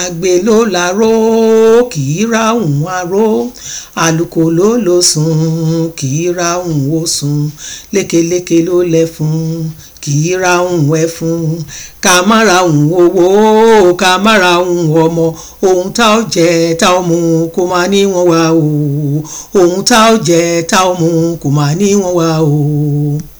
àgbẹ̀ ló laró kì í ráhùn aró àlùkò ló ló sùn kì í ráhùn ó sùn lékeleke ló lẹ́fun kì í ráhùn ẹfun ká má ráhùn owó ká má ráhùn ọmọ ohun tá ò jẹ tá ò mu kò má ní wọn wá o ohun tá ò jẹ tá ò mu kò má ní wọn wá o.